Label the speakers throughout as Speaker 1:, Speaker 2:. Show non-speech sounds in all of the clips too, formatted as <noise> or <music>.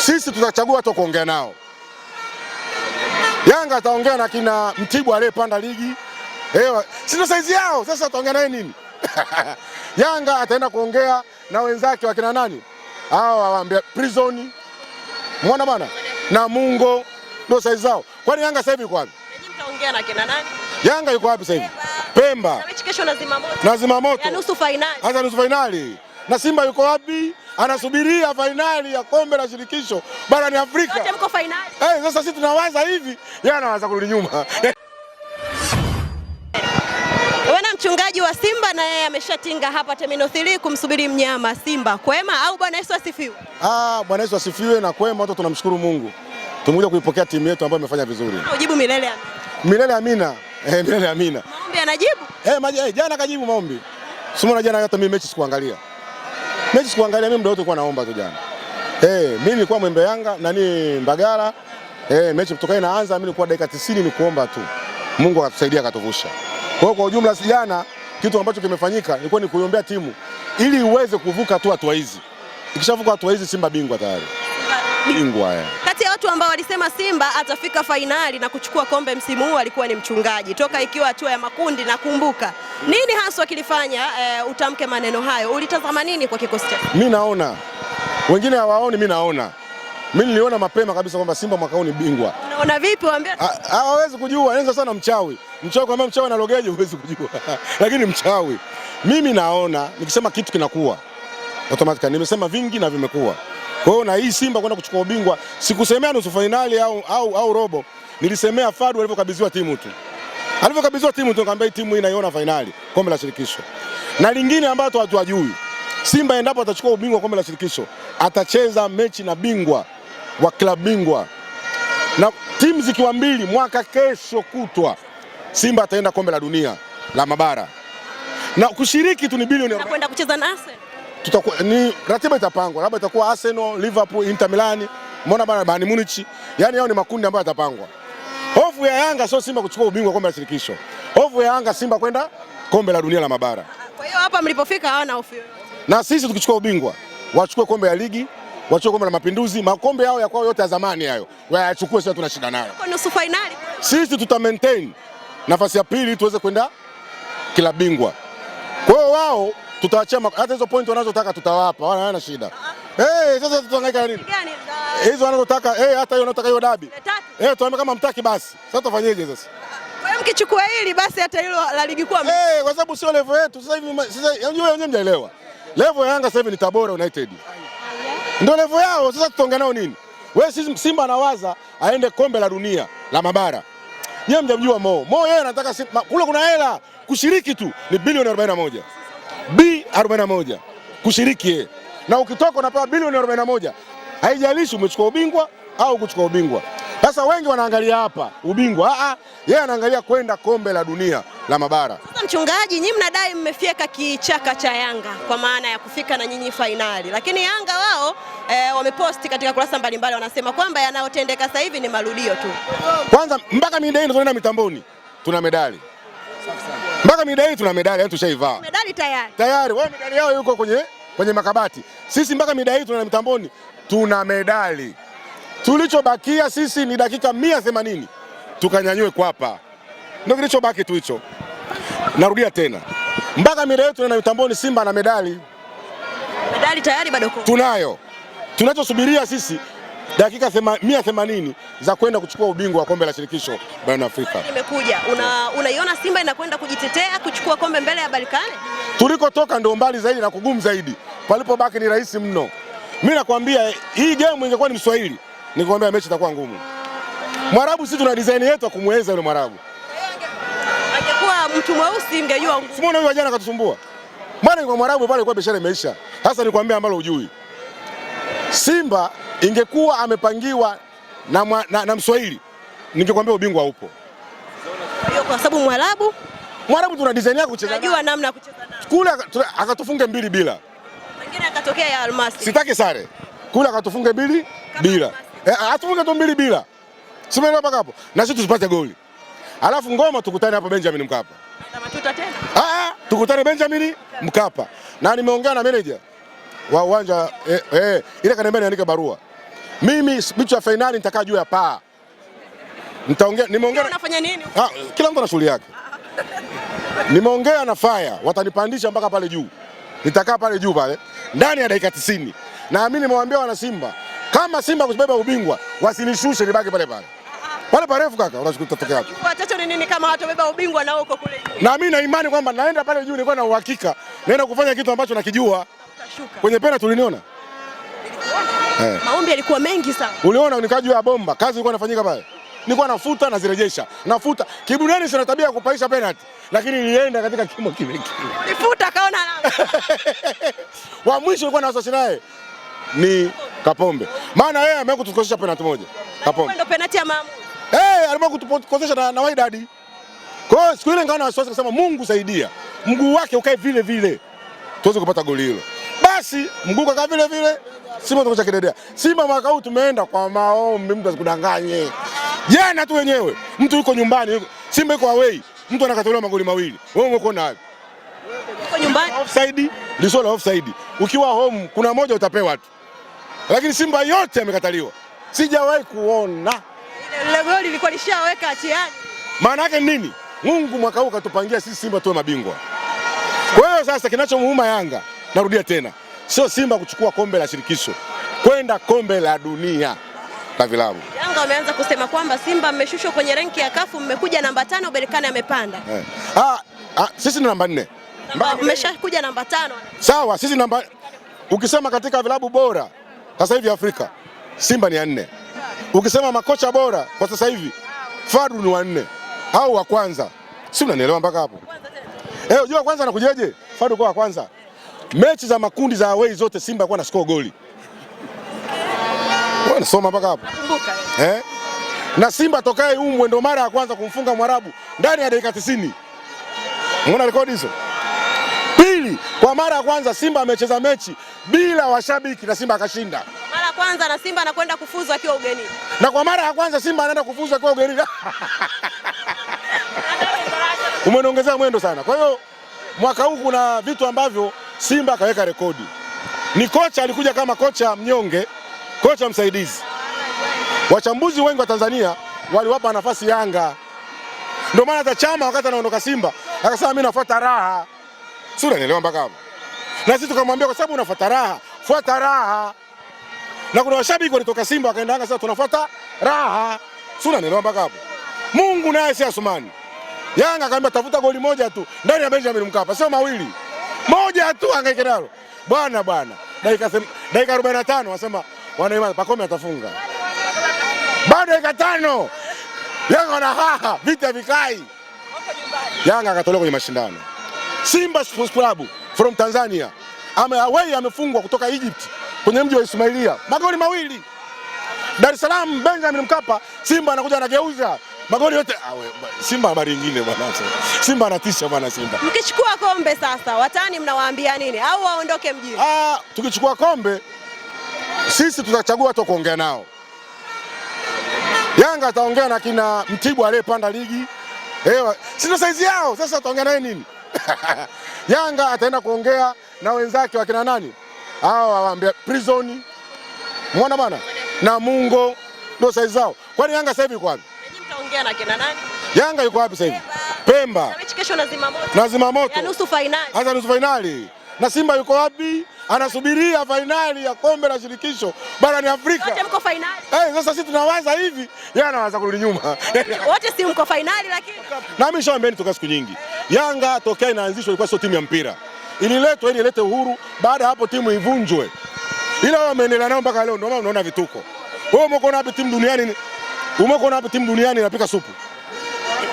Speaker 1: Sisi tutachagua watu kuongea nao. Yanga ataongea na kina Mtibwa aliyepanda ligi, eh, sio saizi yao. Sasa ataongea naye nini? <laughs> Yanga ataenda kuongea na wenzake wakina nani hao, awaambia prison mwana bwana na Mungo, ndio saizi zao. Kwani Yanga sasa hivi yuko wapi?
Speaker 2: Mtaongea na kina nani?
Speaker 1: Yanga yuko wapi sasa hivi? Pemba na Zimamoto, na Zimamoto
Speaker 2: ya nusu fainali,
Speaker 1: hasa nusu fainali. Na Simba yuko wapi? anasubiria fainali ya kombe la shirikisho barani Afrika. Mko fainali. Hey, eh, sasa sisi tunawaza hivi, yeye anawaza kurudi nyuma. <laughs>
Speaker 2: Mchungaji wa Simba na yeye ameshatinga hapa Terminal 3 kumsubiri mnyama Simba. Kwema au Bwana Yesu asifiwe?
Speaker 1: Ah, Bwana Yesu asifiwe na kwema, watu tunamshukuru Mungu, tumekuja kuipokea timu yetu ambayo imefanya vizuri.
Speaker 2: Ujibu milele amina.
Speaker 1: Milele amina. Eh, milele amina.
Speaker 2: Maombi anajibu?
Speaker 1: Eh, hey, eh, jana kajibu maombi. Sio, na jana hata mimi mechi sikuangalia mechi sikuangalia mimi, muda wote nilikuwa naomba tu jana. Eh, mimi nilikuwa mwembe Yanga nani Mbagala. Eh, mechi kutoka inaanza mimi nilikuwa dakika 90 ni kuomba tu. Mungu akatusaidia akatuvusha. Kwa hiyo kwa ujumla si jana kitu ambacho kimefanyika ilikuwa ni kuiombea timu ili iweze kuvuka tu hatua hizi. Ikishavuka hatua hizi Simba bingwa tayari. Bingwa ya. Eh.
Speaker 2: Kati ya watu ambao walisema Simba atafika fainali na kuchukua kombe msimu huu alikuwa ni mchungaji toka ikiwa hatua ya makundi nakumbuka nini haswa kilifanya uh, utamke maneno hayo? Ulitazama nini kwa kikosi chako?
Speaker 1: Mimi naona wengine hawaoni, mimi naona mimi niliona mapema kabisa kwamba Simba mwaka huu ni bingwa.
Speaker 2: Unaona vipi? Waambia
Speaker 1: hawawezi kujua, naweza sana mchawi mchawi, kwamba mchawi na logeje huwezi kujua <laughs> lakini mchawi, mimi naona nikisema kitu kinakuwa automatically. Nimesema vingi na vimekuwa. Kwa hiyo na hii Simba kwenda kuchukua ubingwa, sikusemea nusu fainali au, au, au robo, nilisemea Fadu alivyokabidhiwa timu tu alivyokabidhiwa timu tunakwambia timu hii inaiona fainali kombe la shirikisho. Na lingine ambalo watu hawajui, Simba endapo atachukua ubingwa wa kombe la shirikisho atacheza mechi na bingwa wa klabu bingwa, na timu zikiwa mbili mwaka kesho kutwa Simba ataenda kombe la dunia la mabara na kushiriki tu ni bilioni
Speaker 2: kwenda kucheza na Arsenal.
Speaker 1: Tutakuwa ni ratiba itapangwa, labda itakuwa Arsenal, Liverpool, Inter Milan, mbona bana Bayern Munich, yani hao ni makundi ambayo yatapangwa. Hofu ya Yanga sio Simba kuchukua ubingwa kombe la shirikisho, hofu ya Yanga Simba kwenda kombe la dunia la mabara.
Speaker 2: Kwa hiyo hapa mlipofika hawana hofu yoyote,
Speaker 1: na sisi tukichukua ubingwa wachukue kombe ya ligi wachukue kombe la mapinduzi, makombe yao ya kwao yote ya zamani hayo wayachukue, sio tuna shida nayo.
Speaker 2: Kwa nusu finali
Speaker 1: sisi tuta maintain nafasi ya pili tuweze kwenda kila bingwa. Kwa hiyo wao tutawachia hata hizo point wanazotaka tutawapa, wana shida. Eh, sasa tutahangaika nini? Gani? Hizo wanazotaka eh, hata hiyo wanataka hiyo dabi. Eh, tuambie kama mtaki basi. Sasa tufanyeje sasa?
Speaker 2: Wewe mkichukua hili basi hata hilo la ligi kwa
Speaker 1: mimi. Eh, kwa sababu sio level yetu. Sasa hivi sasa yaani wenyewe mjaelewa. Level ya Yanga sasa hivi ni Tabora United. Ndio level yao. Sasa tutaongea nao nini? Wewe si Simba anawaza aende kombe la dunia la mabara. Nyewe mjamjua Mo. Mo yeye anataka kule kuna hela kushiriki tu ni bilioni 41. B 41 kushiriki yeye na ukitoka unapewa bilioni 41, haijalishi umechukua ubingwa au kuchukua ubingwa. Sasa wengi wanaangalia hapa ubingwa, a a, yeye anaangalia kwenda kombe la dunia la mabara.
Speaker 2: Sasa mchungaji, nyinyi mnadai mmefyeka kichaka cha Yanga kwa maana ya kufika na nyinyi fainali, lakini Yanga wao e, eh, wameposti katika kurasa mbalimbali, wanasema kwamba yanayotendeka sasa hivi ni marudio tu.
Speaker 1: Kwanza mpaka midai tunaenda mitamboni, tuna medali mpaka midai, tuna medali, yani tushaivaa
Speaker 2: medali tayari
Speaker 1: tayari. Wao medali yao yuko kwenye kwenye makabati. Sisi mpaka mida hii tuna mitamboni, tuna medali. Tulichobakia sisi ni dakika mia themanini tukanyanyue kwapa, ndio kilichobaki tu hicho. Narudia tena, mpaka mida hii tunaenda mitamboni, Simba na medali.
Speaker 2: Medali tayari bado
Speaker 1: tunayo. Tunachosubiria sisi dakika mia themanini za kwenda kuchukua ubingwa wa kombe la shirikisho barani Afrika.
Speaker 2: Imekuja unaiona una Simba inakwenda kujitetea kuchukua kombe mbele ya Balkani.
Speaker 1: Tulikotoka ndio mbali zaidi na kugumu zaidi, palipobaki ni rahisi mno. Mimi nakwambia hii game ingekuwa ni Mswahili, nikwambia mechi itakuwa ngumu. Mwarabu si tuna design yetu ya kumweza yule Mwarabu.
Speaker 2: Angekuwa mtu mweusi mgejua.
Speaker 1: Simona huyu jana akatusumbua. Maana kwa Mwarabu pale ilikuwa biashara imeisha. Sasa nikwambia ambalo hujui. Simba ingekuwa amepangiwa na, mwa, na, na Mswahili ningekwambia ubingwa upo.
Speaker 2: hiyo kwa sababu Mwarabu
Speaker 1: Mwarabu tuna design yako kucheza.
Speaker 2: Najua namna ya kucheza nao.
Speaker 1: Kule akatufunge mbili bila.
Speaker 2: Mwingine akatokea ya Almasi.
Speaker 1: Sitaki sare. Kule akatufunge mbili bila. Eh, atufunge tu mbili bila. Sema mpaka hapo. Na sisi tusipate goli. Alafu ngoma tukutane hapa Benjamin Mkapa. Na matuta tena? Ah, ah, tukutane Benjamin Mkapa. Na nimeongea na manager wa uwanja eh, eh, ile kaniambia niandike barua. Mimi mechi ya fainali nitakaa juu ya paa, nitaongea. Nimeongea unafanya nini? Ah, kila mtu ana shughuli yake. Nimeongea na Faya, watanipandisha mpaka pale juu, nitakaa pale juu pale ndani ya dakika 90. Naamini nimewaambia wana Simba kama Simba kusibeba ubingwa wasinishushe, nibaki pale pale pale parefu kaka, unachukua unachotokea
Speaker 2: wachache ni nini? Kama watabeba ubingwa na huko kule
Speaker 1: juu, na mimi na imani kwamba naenda pale juu, nilikuwa na uhakika naenda kufanya kitu ambacho nakijua. Kwenye pena tuliniona
Speaker 2: Nilikuona. Hey. Eh. Maombi yalikuwa mengi sana.
Speaker 1: Uliona unikaa ya bomba, kazi ilikuwa inafanyika pale. Nilikuwa nafuta na zirejesha. Nafuta. Kibuneni sina tabia ya kupaisha penalty, lakini nilienda katika kimo kile kile.
Speaker 2: Ulifuta kaona alama.
Speaker 1: <laughs> Wa mwisho na nawasha naye ni Kapombe. Maana yeye ameku tukosesha penalty moja. Kapombe.
Speaker 2: Ndio penalty ya maamuzi.
Speaker 1: Eh, hey, alimewahi kutukosesha na, na Wydad. Kwa hiyo siku ile nikaona wasiwasi kusema Mungu saidia. Mguu wake ukae vile vile. Tuweze kupata goli hilo. Basi mguu kaka vile vile. Simba tunakocha kidedea. Simba mwaka huu tumeenda kwa maombi, mtu asikudanganye. Jana tu wenyewe mtu yuko nyumbani, Simba yuko away, mtu anakatolewa magoli mawili. Wewe umeona wapi? Yuko nyumbani. Offside, lisio la offside. Ukiwa home kuna moja utapewa tu. Lakini Simba yote amekataliwa. Sijawahi kuona.
Speaker 2: Ile goli lilikuwa lishaweka atiani.
Speaker 1: Maana yake nini? Mungu mwaka huu katupangia sisi Simba tuwe mabingwa. Kwa hiyo sasa kinachomuuma Yanga, narudia tena sio Simba kuchukua kombe la shirikisho, kwenda kombe la dunia la vilabu.
Speaker 2: Yanga wameanza kusema kwamba Simba mmeshushwa kwenye renki ya kafu, mmekuja namba tano, Berkane amepanda eh.
Speaker 1: Ah, ah, sisi ni namba nne,
Speaker 2: mmeshakuja namba tano.
Speaker 1: Sawa, sisi namba ukisema katika vilabu bora sasa hivi Afrika Simba ni ya nne. Ukisema makocha bora kwa sasa hivi Fadu ni wa nne au wa kwanza, si unanielewa mpaka hapo? Eh, unajua kwanza nakujeje? Fadu kwa wa kwanza mechi za makundi za away zote Simba alikuwa anascore goli. Wewe nasoma mpaka hapo. Eh? Na Simba tokae umbwe ndo mara ya kwanza kumfunga Mwarabu ndani ya dakika 90. Unaona rekodi hizo? Pili, kwa mara ya kwanza Simba amecheza mechi bila washabiki na Simba akashinda.
Speaker 2: Mara ya kwanza na Simba anakwenda kufuzu akiwa ugenini.
Speaker 1: Na kwa mara ya kwanza Simba anaenda kufuzu akiwa ugenini. <laughs> Umeniongezea mwendo sana. Kwa hiyo mwaka huu kuna vitu ambavyo Simba akaweka rekodi. Ni kocha alikuja kama kocha mnyonge, kocha msaidizi. Wachambuzi wengi wa Tanzania waliwapa nafasi Yanga, ndio maana hata Chama wakati anaondoka Simba akasema mimi nafuata raha, si unanielewa? Mpaka hapo na sisi tukamwambia, kwa sababu unafuata raha, fuata raha. Na kuna washabiki walitoka Simba wakaenda Yanga, sasa tunafuata raha, si unanielewa? Mpaka hapo Mungu naye si Asumani. Yanga akaambia tafuta goli moja tu ndani ya Benjamin Mkapa, sio mawili moja tu angaike nalo bwana bwana, dakika dakika 45 wana imani Pacome atafunga bado dakika tano, Yanga haha vita vikai, Yanga akatolewa kwenye mashindano. Simba Sports Club from Tanzania ame away amefungwa kutoka Egypt kwenye mji wa Ismailia magoli mawili. Dar es Salaam Benjamin Mkapa, Simba anakuja anageuza magoli yote awe. Simba habari nyingine bwana, Simba anatisha bwana Simba.
Speaker 2: Mkichukua kombe sasa, watani mnawaambia nini au waondoke mjini?
Speaker 1: Ah, tukichukua kombe sisi tutachagua watu kuongea nao. Yanga ataongea na kina Mtibwa aliyepanda ligi, eh, sio saizi yao. Sasa ataongea naye nini? <laughs> Yanga ataenda kuongea na wenzake wakina nani hao, awaambia prison mwana bwana na Mungo ndio saizi zao. Kwani Yanga sasa hivi kwani
Speaker 2: anaongea na kina nani?
Speaker 1: Yanga yuko wapi sasa hivi? Pemba. Na
Speaker 2: mechi kesho na Zimamoto.
Speaker 1: Na Zimamoto. Ya
Speaker 2: nusu finali.
Speaker 1: Hasa nusu finali. Na Simba yuko wapi? Anasubiria finali ya kombe la shirikisho barani Afrika.
Speaker 2: Wote mko finali.
Speaker 1: Eh, sasa sisi tunawaza hivi, yeye anawaza kurudi nyuma. <laughs>
Speaker 2: Wote si mko finali lakini.
Speaker 1: Na mimi nishawaambia toka siku nyingi. Yanga tokea inaanzishwa ilikuwa sio timu ya mpira. Ililetwa ili ilete uhuru, baada hapo timu ivunjwe. Ila wameendelea nao mpaka leo ndio maana unaona vituko. Wewe umeona na timu duniani Umekuona hapo timu duniani inapika supu.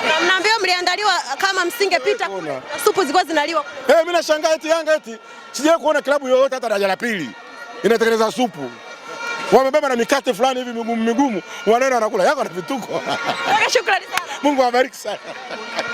Speaker 2: Na mnaambiwa mliandaliwa kama msingepita kule supu zilikuwa zinaliwa.
Speaker 1: Eh, hey, mimi nashangaa eti Yanga eti sijawahi kuona klabu yoyote hata daraja la pili inatengeneza supu. Wamebeba na mikate fulani hivi migumu migumu, wanaenda wanakula. yako na vituko. Shukrani sana. Mungu awabariki sana.